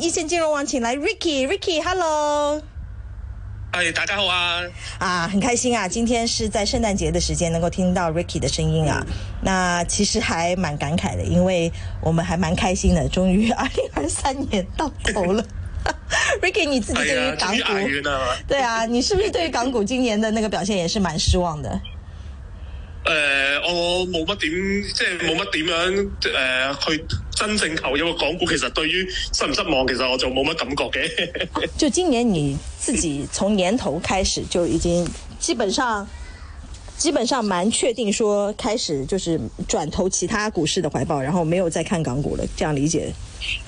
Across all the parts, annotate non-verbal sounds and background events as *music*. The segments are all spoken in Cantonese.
一線金融網，請來 Ricky，Ricky，Hello，哎，Ricky, Ricky, Hello. Hi, 大家好啊，啊，很開心啊，今天是在聖誕節的時間，能夠聽到 Ricky 的聲音啊，那其實還蠻感慨的，因為我們還蠻開心的，終於二零二三年到頭了。 *laughs* Ricky，你自己對於港股，哎、對啊，你是不是對於港股今年的那個表現也是蠻失望的？誒、 *laughs* 呃，我冇乜點，即係冇乜點樣誒去。真正投入港股，其實對於失唔失望，其實我就冇乜感覺嘅。就今年你自己從年頭開始就已經基本上基本上蠻確定說開始就是轉投其他股市的懷抱，然後沒有再看港股了。這樣理解？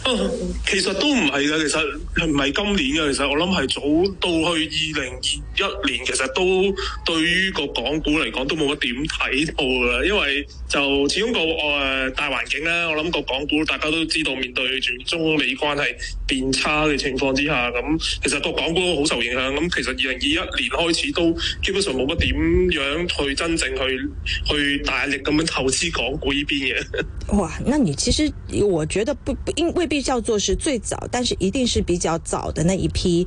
啊、哦，其實都唔係噶，其實唔係今年噶，其實我諗係早到去二零二一年，其實都對於個港股嚟講都冇乜點睇到噶啦。因為就始終個誒、呃、大環境咧，我諗個港股大家都知道，面對住中美關係變差嘅情況之下，咁、嗯、其實個港股都好受影響。咁、嗯、其實二零二一年開始都基本上冇乜點樣去真正去去大力咁樣投資港股呢邊嘅。哇，那你其實我覺得不不。未必叫做是最早，但是一定是比較早的那一批。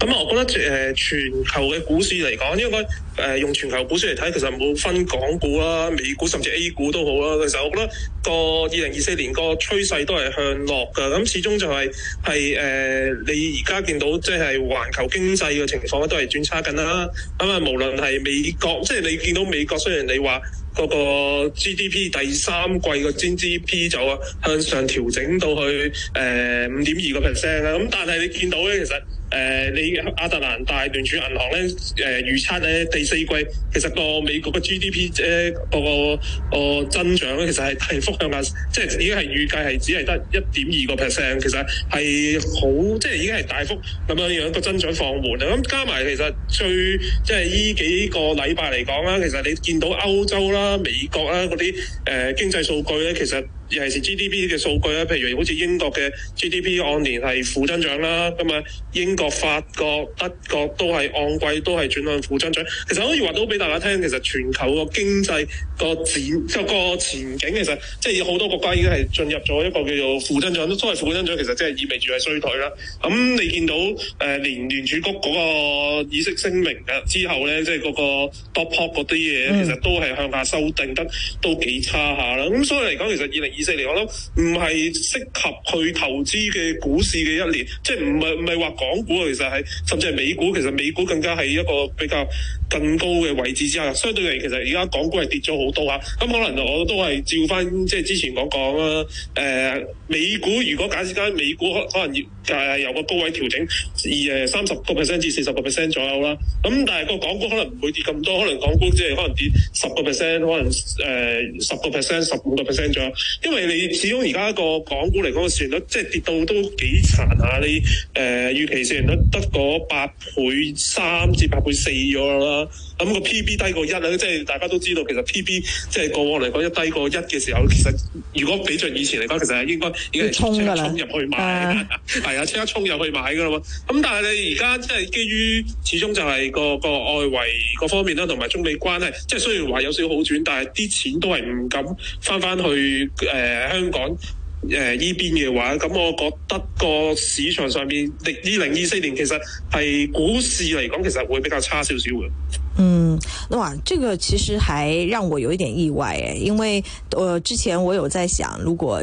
咁、嗯、我覺得誒、呃、全球嘅股市嚟講，應該誒、呃、用全球股市嚟睇，其實冇分港股啦、美股甚至 A 股都好啦。其實我覺得個二零二四年個趨勢都係向落㗎。咁、嗯、始終就係係誒你而家見到即係環球經濟嘅情況咧，都係轉差緊啦。咁啊，無論係美國，即係你見到美國雖然你話嗰個 GDP 第三季個 GDP 就啊向上調整到去誒五點二個 percent 啦，咁、呃嗯、但係你見到咧，其實～誒、呃，你亞特蘭大聯儲銀行咧，誒、呃、預測咧第四季其實個美國嘅 GDP 誒、呃、嗰個個個增長咧，其實係係大幅向下，即係已經係預計係只係得一點二個 percent，其實係好即係已經係大幅咁樣樣個增長放緩啊！咁加埋其實最即係依幾個禮拜嚟講啦，其實你見到歐洲啦、美國啦嗰啲誒經濟數據咧，其實～尤其是 GDP 嘅數據啦，譬如好似英國嘅 GDP 按年係負增長啦，咁啊英國、法國、德國都係按季都係轉向負增長。其實可以話到俾大家聽，其實全球個經濟個展個前景其實即係好多國家已經係進入咗一個叫做負增長，都所謂負增長，其實即係意味住係衰退啦。咁、嗯、你見到誒、呃、聯聯儲局嗰個議息聲明嘅之後咧，即係嗰個 dot plot 嗰啲嘢，嗯、其實都係向下修訂得都幾差下啦。咁、嗯、所以嚟講，其實二零二二十四年，我諗唔係適合去投資嘅股市嘅一年，即係唔係唔係話港股啊，其實係甚至係美股，其實美股更加係一個比較更高嘅位置之下。相對嚟，其實而家港股係跌咗好多啊。咁可能我都係照返即係之前講講啦。誒、呃，美股如果假設之間，美股可可能要誒由個高位調整二誒三十個 percent 至四十個 percent 左右啦。咁、啊、但係個港股可能唔會跌咁多，可能港股即係可能跌十個 percent，可能誒十個 percent 十五個 percent 左右。呃因為你始終而家個港股嚟講，市盈率即係跌到都幾殘下，你誒、呃、預期市盈率得嗰八倍，倍、三至八倍四咗啦。咁個 P B 低過一啦，即係大家都知道，其實 P B 即係過往嚟講一低過一嘅時候，其實如果比著以前嚟講，其實應該已經衝噶啦，係衝入去買，係啊的、嗯，即刻衝入去買噶啦。咁但係你而家即係基於始終就係個個外圍各方面啦，同埋中美關係，即係雖然話有少少好轉，但係啲錢都係唔敢翻翻去誒。呃誒、呃、香港誒呢、呃、邊嘅話，咁我覺得個市場上面，零二零二四年其實係股市嚟講，其實會比較差少少嘅。嗯，哇，這個其實還讓我有一點意外誒，因為、呃、之前我有在想，如果。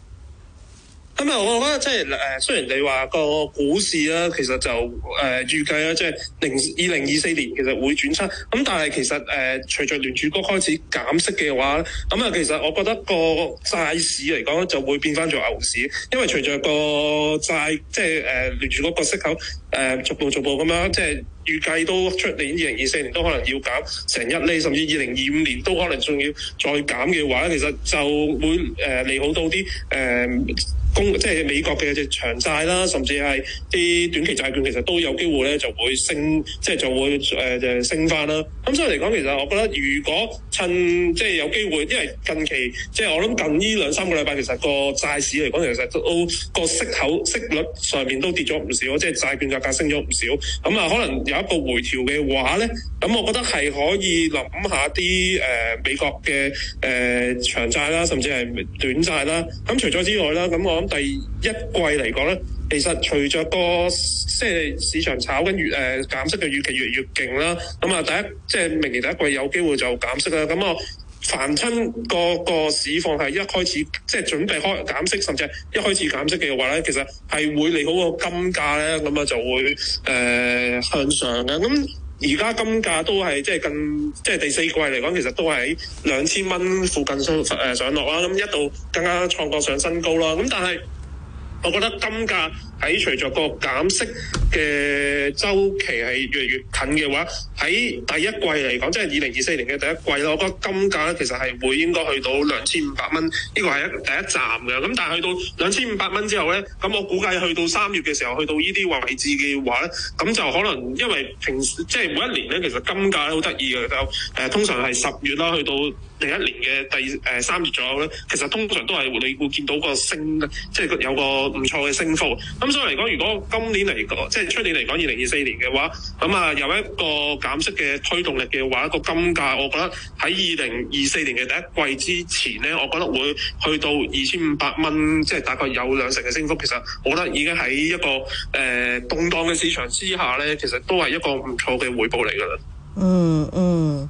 咁啊、嗯，我覺得即係誒，雖然你話個股市啊，其實就誒、呃、預計啦，即係零二零二四年其實會轉差。咁但係其實誒、呃，隨着聯儲局開始減息嘅話，咁、嗯、啊，其實我覺得個債市嚟講就會變翻做牛市，因為隨着個債即係誒、呃、聯儲局個息口誒、呃、逐步逐步咁樣，即係預計都出年二零二四年都可能要減成一厘，甚至二零二五年都可能仲要再減嘅話，其實就會誒、呃、利好到啲誒。呃公即係美國嘅隻長債啦，甚至係啲短期債券，其實都有機會咧就會升，即係就會誒、呃、升翻啦。咁、嗯、所以嚟講，其實我覺得如果趁即係有機會，因為近期即係我諗近呢兩三個禮拜，其實個債市嚟講，其實都個息口息率上面都跌咗唔少，即係債券價格升咗唔少。咁、嗯、啊，可能有一個回調嘅話咧，咁、嗯、我覺得係可以諗下啲誒、呃、美國嘅誒、呃、長債啦，甚至係短債啦。咁、嗯、除咗之外啦，咁、嗯、我。咁第一季嚟講咧，其實隨着個即係市場炒緊越誒減、呃、息嘅預期越嚟越勁啦。咁、嗯、啊，第一即係明年第一季有機會就減息啦。咁、嗯、啊，凡親個個市況係一開始即係準備開減息，甚至係一開始減息嘅話咧，其實係會利好個金價咧。咁、嗯、啊，就會誒、呃、向上嘅咁。嗯而家金價都係，即係近即係第四季嚟講，其實都係喺兩千蚊附近上誒上落啦。咁一度更加創過上新高啦。咁但係，我覺得金價喺隨着個減息嘅周期係越嚟越近嘅話，喺第一季嚟講，即係二零二四年嘅第一季咯。我覺得金價咧其實係會應該去到兩千五百蚊，呢個係第一站嘅。咁但係去到兩千五百蚊之後咧，咁我估計去到三月嘅時候，去到呢啲位置嘅話咧，咁就可能因為平，即係每一年咧，其實金價都好得意嘅，就誒通常係十月啦去到。第一年嘅第誒、呃、三月左右咧，其實通常都係你會見到個升，即係有個唔錯嘅升幅。咁、嗯、所以嚟講，如果今年嚟講，即係出年嚟講，二零二四年嘅話，咁、嗯、啊有一個減息嘅推動力嘅話，個金價，我覺得喺二零二四年嘅第一季之前咧，我覺得會去到二千五百蚊，即、就、係、是、大概有兩成嘅升幅。其實我覺得已經喺一個誒、呃、動盪嘅市場之下咧，其實都係一個唔錯嘅回報嚟噶啦。嗯嗯。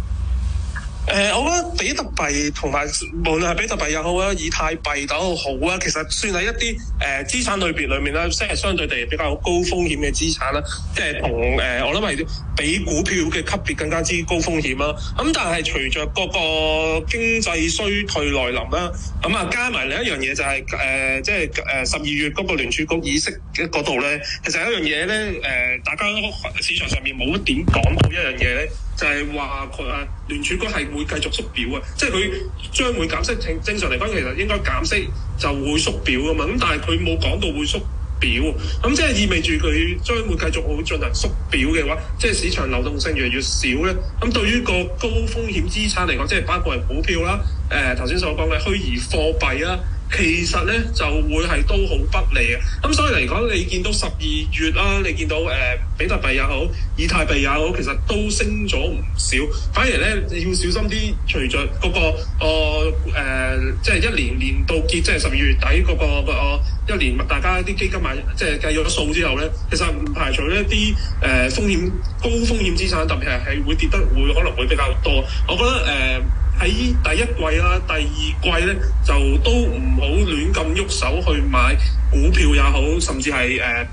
誒、呃，我覺得比特幣同埋無論係比特幣又好啊，以太幣等都好啊，其實算係一啲誒資產類別裏面啦，即係相對地比較高風險嘅資產啦，即係同誒，我諗係，比股票嘅級別更加之高風險啦，咁但係隨着嗰個經濟衰退來臨啦，咁啊加埋另一樣嘢就係、是、誒、呃、即係誒十二月嗰個聯儲局議息嗰度咧，其實有一樣嘢咧，誒、呃、大家都市場上面冇點講到一樣嘢咧，就係話佢啊聯儲局係會繼續縮表啊，即係佢將會減息，正常嚟講其實應該減息就會縮表噶嘛，咁但係佢冇講到會縮表咁即係意味住佢將會繼續會進行縮表嘅話，即係市場流動性越嚟越少咧。咁對於個高風險資產嚟講，即係包括係股票啦，誒頭先所講嘅虛擬貨幣啦。其實咧就會係都好不利嘅，咁所以嚟講，你見到十二月啦、啊，你見到誒、呃、比特幣也好，以太幣也好，其實都升咗唔少。反而咧要小心啲，隨着嗰個個、呃、即係一年年到結，即係十二月底嗰、那個、那個那個、一年，大家啲基金買，即係計咗數之後咧，其實唔排除一啲誒風險高風險資產，特別係係會跌得會可能會比較多。我覺得誒。呃喺第一季啦，第二季咧就都唔好亂咁喐手去買股票也好，甚至係誒。Uh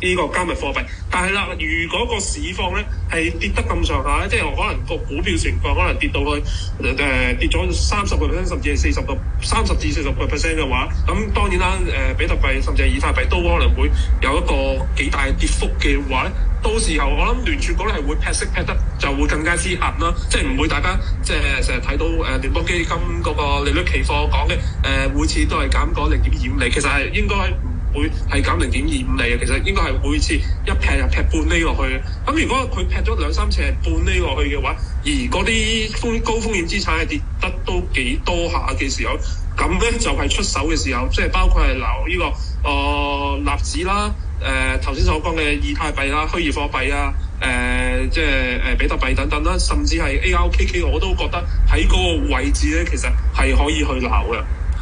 呢個加密貨幣，但係啦，如果個市況咧係跌得咁上下咧，即係可能個股票情況可能跌到去誒跌咗三十個 percent 甚至係四十個三十至四十個 percent 嘅話，咁當然啦誒，比特幣甚至係以太幣都可能會有一個幾大跌幅嘅話咧，到時候我諗聯儲局咧係會劈息劈得就會更加之狠啦，即係唔會大家即係成日睇到誒聯邦基金嗰個利率期貨講嘅誒每次都係減嗰零點二五厘，其實係應該，會係減零點二五厘，啊，其實應該係每次一劈就劈半厘落去。咁如果佢劈咗兩三尺半厘落去嘅話，而嗰啲風高風險資產係跌得都幾多下嘅時候，咁咧就係、係、出手嘅時候，即係包括係撈呢個哦納、呃、指啦，誒頭先所講嘅以太幣啦、虛擬貨幣啊，誒、呃、即係誒比特幣等等啦，甚至係 ARKK，我都覺得喺嗰個位置咧，其實係可以去撈嘅。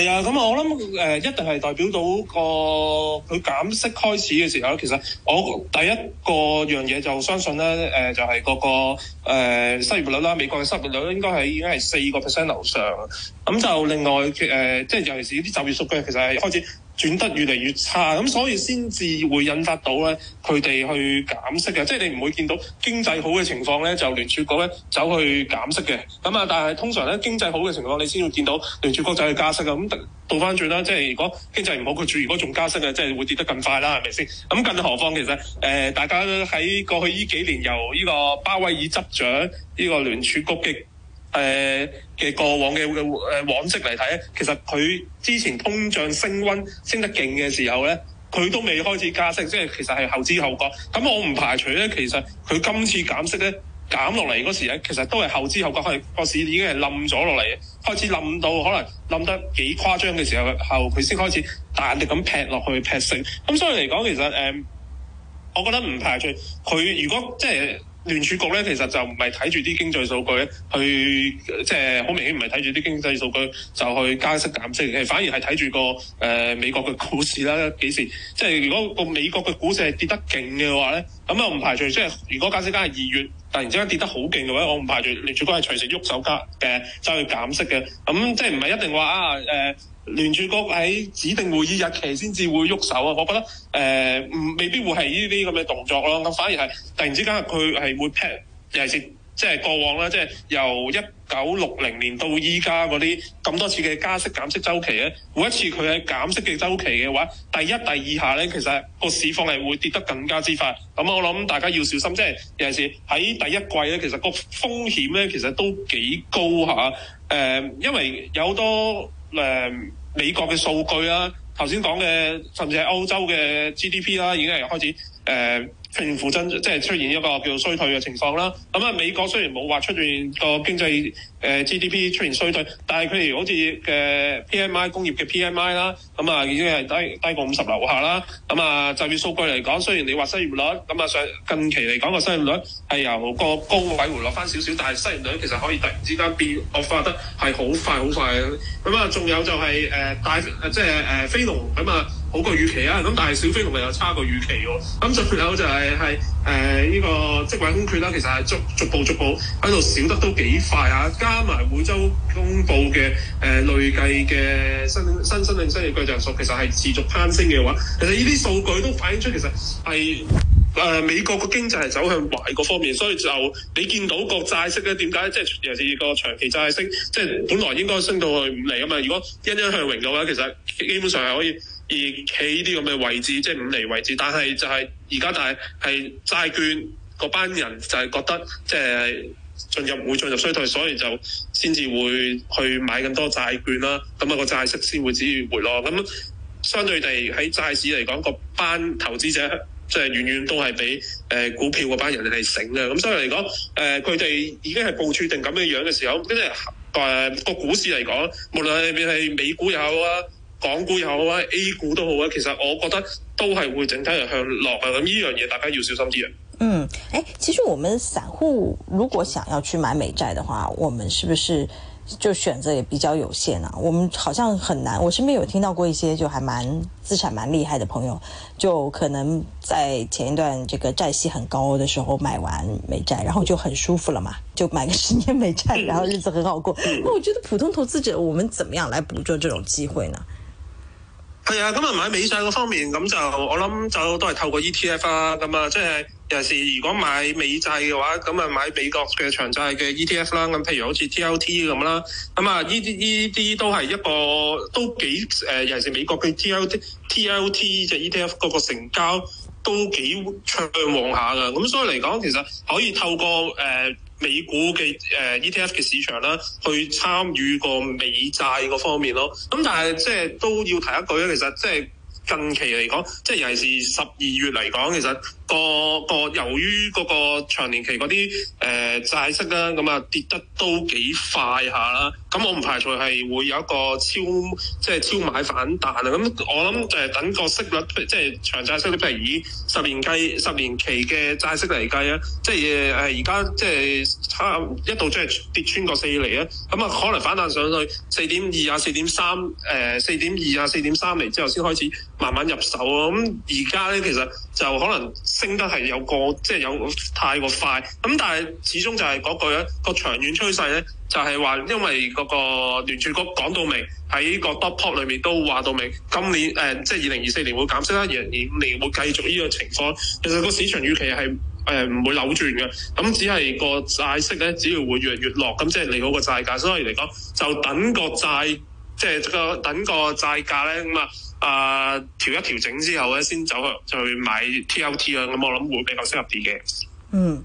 係啊，咁、嗯、我諗誒、呃、一定係代表到個佢減息開始嘅時候咧。其實我第一個樣嘢就相信咧，誒、呃、就係、是、嗰、那個、呃、失業率啦，美國嘅失業率咧應該係已經係四個 percent 樓上。咁就另外誒，即、呃、係尤其是啲就業數據其實係開始。轉得越嚟越差，咁所以先至會引發到咧佢哋去減息嘅，即係你唔會見到經濟好嘅情況咧，就聯儲局咧走去減息嘅。咁啊，但係通常咧經濟好嘅情況，你先會見到聯儲局走去加息嘅。咁、嗯、倒翻轉啦，即係如果經濟唔好，佢住；如果仲加息嘅，即係會跌得更快啦，係咪先？咁、嗯、更何況其實誒、呃，大家喺過去呢幾年由呢個鮑威爾執掌呢、這個聯儲局嘅。誒嘅、呃、過往嘅誒、呃、往績嚟睇咧，其實佢之前通脹升溫升得勁嘅時候咧，佢都未開始加息，即係其實係後知後覺。咁我唔排除咧，其實佢今次減息咧，減落嚟嗰時咧，其實都係後知後覺，開個市已經係冧咗落嚟，開始冧到可能冧得幾誇張嘅時候後，佢先開始大力咁劈落去劈息。咁所以嚟講，其實誒、呃，我覺得唔排除佢如果即係。聯儲局咧，其實就唔係睇住啲經濟數據咧，去即係好明顯唔係睇住啲經濟數據就去加息減息，誒反而係睇住個誒、呃、美國嘅股市啦，幾時即係如果個美國嘅股市係跌得勁嘅話咧。咁啊，唔、嗯、排除即係，如果假設緊係二月，突然之間跌得好勁嘅話，我唔排除聯儲局係隨時喐手加嘅，走去減息嘅。咁、嗯、即係唔係一定話啊，誒、呃，聯儲局喺指定會議日期先至會喐手啊。我覺得誒、呃，未必會係呢啲咁嘅動作咯。咁反而係突然之間佢係會 pat，尤其是即係過往啦，即係由一。九六零年到依家嗰啲咁多次嘅加息減息周期咧，每一次佢喺減息嘅周期嘅話，第一第二下咧，其實個市況係會跌得更加之快。咁、嗯、我諗大家要小心，即係尤其是喺第一季咧，其實個風險咧，其實都幾高吓，誒、呃，因為有好多誒、呃、美國嘅數據啦，頭先講嘅甚至係歐洲嘅 GDP 啦，已經係開始誒。呃出現負增即係出現一個叫衰退嘅情況啦。咁、嗯、啊，美國雖然冇話出現個經濟誒、呃、GDP 出現衰退，但係佢哋好似嘅 PMI 工業嘅 PMI 啦、嗯，咁、嗯、啊已經係低低過五十樓下啦。咁、嗯、啊、嗯，就業數據嚟講，雖然你話失業率，咁、嗯、啊上近期嚟講個失業率係由個高位回落翻少少，但係失業率其實可以突然之間變惡化得係好快好快咁啊，仲、嗯、有就係、是、誒、呃、大即係誒非農咁啊。呃就是呃好過預期啊！咁但係小飛同埋又差過預期喎。咁再撇走就係係誒呢個職位空缺啦。其實係逐逐步逐步喺度少得都幾快嚇。加埋每週公布嘅誒累計嘅新，新新新嘅新業績就數、是，其實係持續攀升嘅話，其實呢啲數據都反映出其實係誒、呃、美國個經濟係走向壞個方面。所以就你見到國債息咧，點解即係尤其是個長期債息，即、就、係、是、本來應該升到去五厘啊嘛。如果欣欣向榮嘅話，其實基本上係可以。而企呢啲咁嘅位置，即係五厘位置，但係就係而家，但係係債券嗰班人就係覺得即係進入會進入衰退，所以就先至會去買咁多債券啦。咁啊個債息先會止於回落。咁相對地喺債市嚟講，個班投資者即係遠遠都係俾誒股票嗰班人係醒嘅。咁所以嚟講誒佢哋已經係部署定咁嘅樣嘅時候，咁誒個股市嚟講，無論係係美股又好啊。港股又好啊，A 股都好啊，其實我覺得都係會整體係向落啊。咁呢樣嘢大家要小心啲啊。嗯，誒，其實我們散戶如果想要去買美債的話，我們是不是就選擇也比較有限啊？我們好像很難。我身邊有聽到過一些就還蠻資產蠻厲害的朋友，就可能在前一段這個債息很高的時候買完美債，然後就很舒服了嘛，就買個十年美債，然後日子很好過。嗯、那我覺得普通投資者，我們怎麼樣來捕捉這種機會呢？係啊，咁啊買美債嗰方面，咁就我諗就都係透過 ETF 啊，咁啊即係尤其是如果買美債嘅話，咁啊買美國嘅長債嘅 ETF 啦，咁譬如好似 TLT 咁啦，咁啊依啲依啲都係一個都幾、呃、尤其是美國嘅 TLT 即係 ETF 個個成交都幾暢旺下㗎，咁所以嚟講其實可以透過誒，呃美股嘅誒 ETF 嘅市場啦，去參與個美債嗰方面咯。咁但係即係都要提一句，其實即係近期嚟講，即係尤其是十二月嚟講，其實。個個由於嗰個長年期嗰啲誒債息啦，咁啊跌得都幾快下啦。咁我唔排除係會有一個超即係超買反彈啊。咁我諗就係等個息率即係長債息，譬如以十年計、十年期嘅債息嚟計啊，即係誒而家即係差一度即係跌穿個四厘啊。咁啊，可能反彈上去四點二啊、四點三誒、四點二啊、四點三厘之後先開始慢慢入手啊。咁而家咧其實就可能。升得係有過，即係有太過快。咁但係始終就係嗰句咧，個長遠趨勢咧，就係話因為嗰個聯儲局講到明，喺個 dot plot 裏面都話到明，今年誒即係二零二四年會減息啦，二零二五年會繼續呢個情況。其實個市場預期係誒唔會扭轉嘅，咁只係個債息咧，只要會越嚟越落，咁即係利好個債價。所以嚟講，就等個債，即係個等個債價咧咁啊。啊，uh，調一調整之後咧，先走去去買 TLT 啊，咁我諗會比較適合啲嘅。嗯。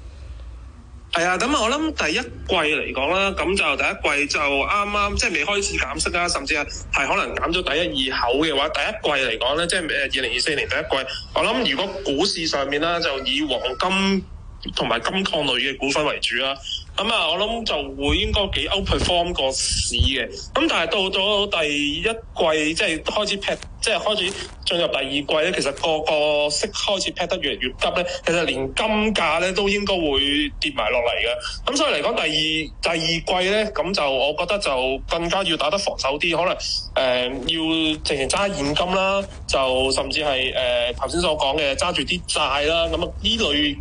係啊，咁啊，我諗第一季嚟講啦，咁就第一季就啱啱即係未開始減息啦，甚至係係可能減咗第一二口嘅話，第一季嚟講咧，即係誒二零二四年第一季，我諗如果股市上面啦，就以黃金同埋金礦類嘅股份為主啦，咁啊，我諗就會應該幾 outperform 過市嘅，咁但係到咗第一季即係開始 p 即係開始進入第二季咧，其實個個息開始劈得越嚟越急咧，其實連金價咧都應該會跌埋落嚟嘅。咁所以嚟講，第二第二季咧，咁就我覺得就更加要打得防守啲，可能誒、呃、要淨係揸現金啦，就甚至係誒頭先所講嘅揸住啲債啦。咁啊，呢類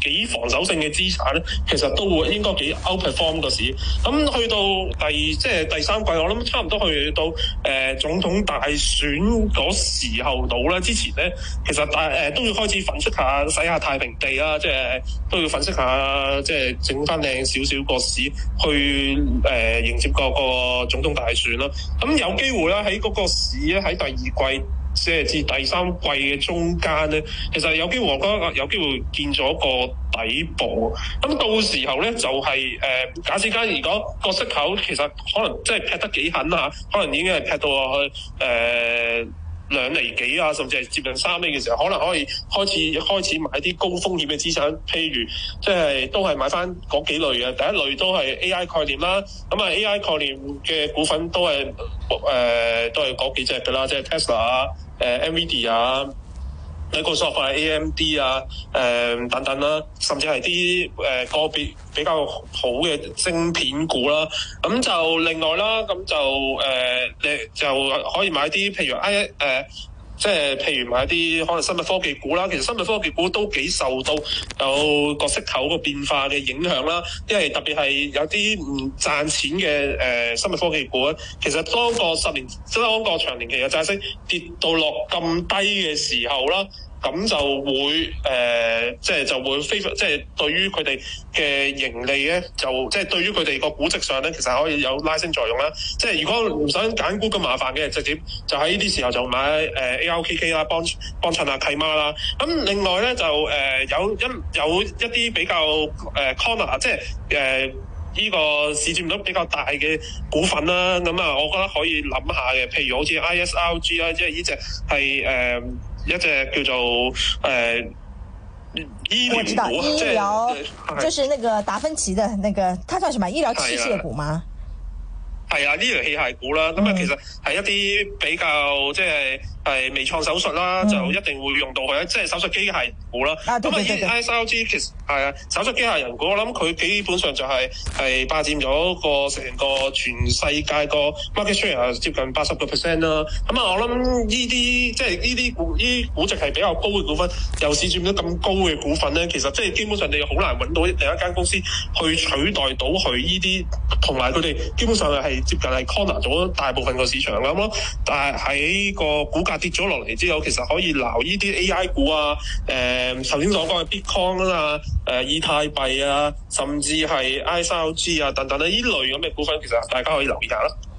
幾防守性嘅資產咧，其實都會應該幾 outperform 個市。咁去到第即係第三季，我諗差唔多去到誒、呃、總統大選嗰時候到啦。之前咧其實大誒、呃、都要開始粉飾下、洗下太平地啦，即係都要粉飾下，即係整翻靚少少個市去誒、呃、迎接嗰個，個總統大選啦。咁有機會啦，喺嗰個市咧喺第二季。即係至第三季嘅中間咧，其實有機會我覺得有機會見咗個底部。咁到時候咧，就係、是、誒、呃，假設間如果個息口其實可能即係劈得幾狠啊，可能已經係劈到落去誒、呃兩厘幾啊，甚至係接近三厘嘅時候，可能可以開始開始買啲高風險嘅資產，譬如即係都係買翻嗰幾類嘅，第一類都係 AI 概念啦，咁啊 AI 概念嘅股份都係誒、呃、都係嗰幾隻噶啦，即係 Tesla 啊、呃、誒 Nvidia 啊。一個 software，AMD 啊，誒、呃、等等啦、啊，甚至係啲誒個別比較好嘅晶片股啦。咁就另外啦，咁就誒、呃、你就可以買啲譬如 I 誒。啊呃即係譬如買一啲可能生物科技股啦，其實生物科技股都幾受到有個息口個變化嘅影響啦。因為特別係有啲唔賺錢嘅誒、呃、生物科技股，其實當個十年、即當個長年期嘅債息跌到落咁低嘅時候啦。咁就會誒，即、呃、係、就是、就會飛，即係對於佢哋嘅盈利咧，就即係、就是、對於佢哋個估值上咧，其實可以有拉升作用啦。即、就、係、是、如果唔想揀股咁麻煩嘅，直接就喺呢啲時候就買誒、呃、ARKK 啦，幫幫襯阿契媽啦。咁另外咧就誒、呃、有、有一有一啲比較誒、呃、corner 即係誒呢個市佔率比較大嘅股份啦。咁啊，我覺得可以諗下嘅，譬如好似 ISRG 啦，即係呢隻係誒。一隻叫做誒、呃、醫療股，我知道即係即係，就是那個達芬奇的那個，是它算什麼醫療器械股嗎？係啊，醫療器械股啦。咁啊、嗯，其實係一啲比較即係。係微創手術啦，嗯、就一定會用到佢，即、就、係、是、手術機械股啦。咁啊，依 ISRG 其實係啊，手術機械人股，我諗佢基本上就係、是、係霸佔咗個成個全世界個 market share 接近八十個 percent 啦。咁啊，我諗呢啲即係呢啲股估值係比較高嘅股份，由市佔咗咁高嘅股份咧，其實即係基本上你好難揾到另一間公司去取代到佢呢啲，同埋佢哋基本上係接近係 corner 咗大部分個市場咁咯。但係喺個股價，啊、跌咗落嚟之後，其實可以撈呢啲 A I 股啊，誒、呃、頭先所講嘅 Bitcoin 啊，誒、呃、以太幣啊，甚至係 I C O G 啊，等等呢，呢類咁嘅股份，其實大家可以留意下啦。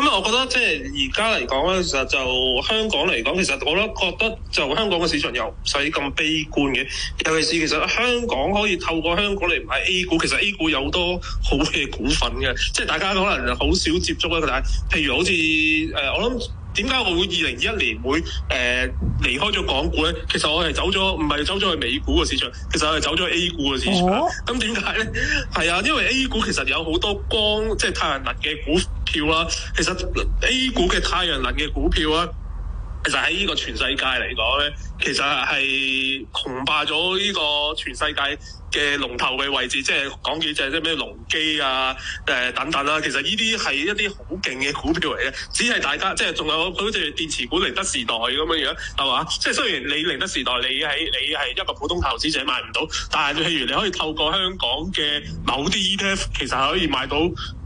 咁、嗯、我覺得即係而家嚟講咧，其實就香港嚟講，其實我都覺得就香港嘅市場又唔使咁悲觀嘅。尤其是其實香港可以透過香港嚟買 A 股，其實 A 股有好多好嘅股份嘅，即係大家可能好少接觸啦。但係譬如好似誒、呃，我諗。點解我會二零二一年會誒、呃、離開咗港股咧？其實我係走咗，唔係走咗去美股嘅市場，其實我係走咗去 A 股嘅市場。咁點解咧？係啊，因為 A 股其實有好多光即係、就是、太陽能嘅股票啦。其實 A 股嘅太陽能嘅股票咧，其實喺呢個全世界嚟講咧，其實係雄霸咗呢個全世界，嘅龍頭嘅位置，即係講幾隻即係咩龍基啊，誒、呃、等等啦、啊。其實呢啲係一啲好勁嘅股票嚟嘅，只係大家即係仲有好似電池股寧德時代咁樣樣，係嘛？即係、就是、雖然你寧德時代你喺你係一個普通投資者買唔到，但係譬如你可以透過香港嘅某啲 ETF，其實係可以買到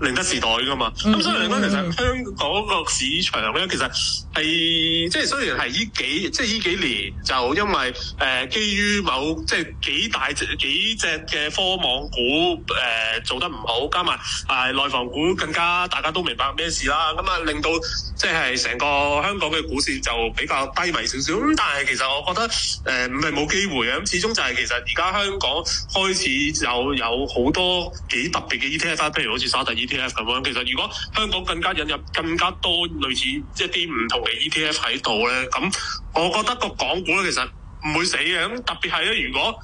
寧德時代噶嘛。咁所以嚟講，其實香港個市場咧，其實係即係雖然係依幾即係依幾年就因為誒、呃、基於某即係、就是、幾大幾。隻嘅科網股誒、呃、做得唔好，加埋誒、呃、內房股更加，大家都明白咩事啦。咁、嗯、啊令到即係成個香港嘅股市就比較低迷少少。咁、嗯、但係其實我覺得誒唔係冇機會嘅。咁始終就係其實而家香港開始就有有好多幾特別嘅 ETF，譬如好似沙特 ETF 咁樣。其實如果香港更加引入更加多類似一啲唔同嘅 ETF 喺度咧，咁我覺得個港股咧其實唔會死嘅。咁特別係咧，如果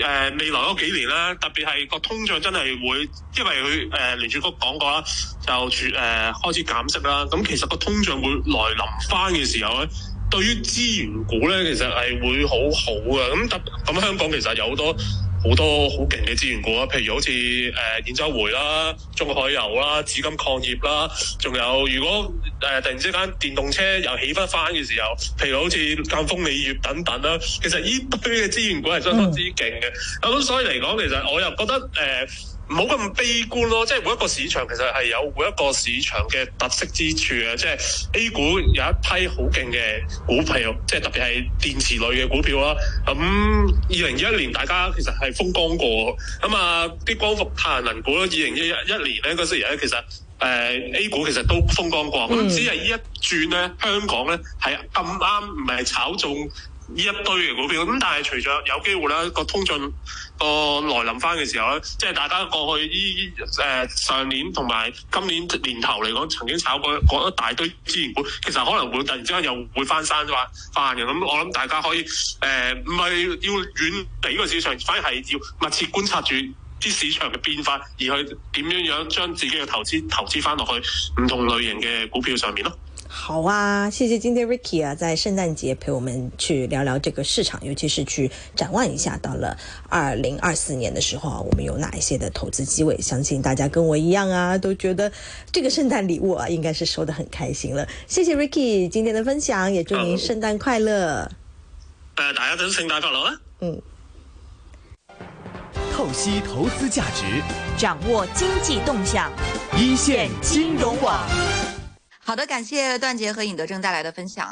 誒、呃、未來嗰幾年咧，特別係個通脹真係會，因為佢誒聯儲局講過啦，就誒、呃、開始減息啦。咁其實個通脹會來臨翻嘅時候咧，對於資源股咧，其實係會好好嘅。咁特咁香港其實有好多。好多好勁嘅資源股啊，譬如好似誒、呃、燕洲匯啦、中海油啦、紫金礦業啦，仲有如果誒、呃、突然之間電動車又起返返嘅時候，譬如好似贛鋒鋰業等等啦，其實依堆嘅資源股係相當之勁嘅。咁、嗯、所以嚟講，其實我又覺得誒、呃唔好咁悲觀咯，即係每一個市場其實係有每一個市場嘅特色之處啊！即係 A 股有一批好勁嘅股票，即係特別係電池類嘅股票啦。咁二零二一年大家其實係風光過，咁啊啲光伏、太陽能股二零一一年咧嗰時咧，其實誒、呃、A 股其實都風光過，只係呢一轉咧，香港咧係咁啱唔係炒中。呢一堆嘅股票，咁但係隨著有機會咧，個通脹個來臨翻嘅時候咧，即係大家過去依依、呃、上年同埋今年年頭嚟講，曾經炒過一大堆資源股，其實可能會突然之間又會翻山翻嘅，咁我諗大家可以誒，唔係要遠離個市場，反而係要密切觀察住啲市場嘅變化，而去點樣樣將自己嘅投資投資翻落去唔同類型嘅股票上面咯。好啊，謝謝今天 Ricky 啊，在聖誕節陪我們去聊聊這個市場，尤其是去展望一下，到了二零二四年的時候啊，我們有哪一些的投資機會？相信大家跟我一樣啊，都覺得這個聖誕禮物啊，應該是收得很開心了。謝謝 Ricky 今天的分享，也祝您聖誕快樂。呃，大家都是聖誕快樂啊！嗯，透析投，投資價值，掌握經濟動向，一綫金融網。好的，感謝段杰和尹德正帶來的分享。